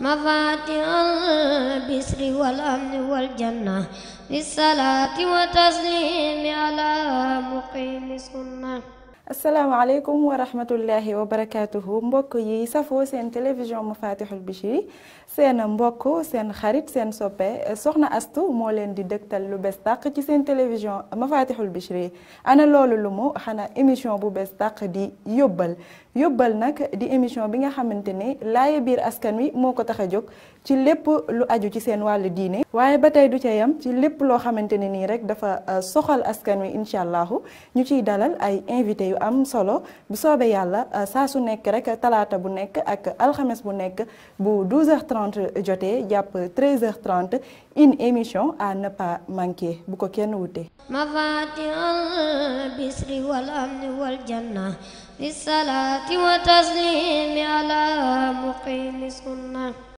مفاتح البسر والأمن والجنة بالصلاة والتسليم على مقيم سنة asalaamaaleykum wa rahmatullahi wa barakaatuhu mbokk yi safoo seen télévision Mafatihul Bichri seen mbokk seen xarit seen soppe soxna astu moo leen di dëgtal lu bees tàq ci seen télévision Mafatihul Bichri ana loolu lu mu xanaa émission bu bees tàq di yóbbal yóbbal nag di émission bi nga xamante ne laaye biir askan wi moo ko tax a jóg ci lépp lu aju ci seen wàll diine waaye ba tey du ca yam ci lépp loo xamante ne nii rek dafa uh, soxal askan wi incha allahu ñu ciy dalal ay invité yu am solo bu soobee yàlla euh, saa su nekk rek talaata bu nekk ak alxames bu nekk bu 12h30 jotee jàpp 13h30 une émission à ne pas bu ko kenn wute. mafatihal bisri wal amni wal janna bi salaati wa taslimi ala muqimi sunna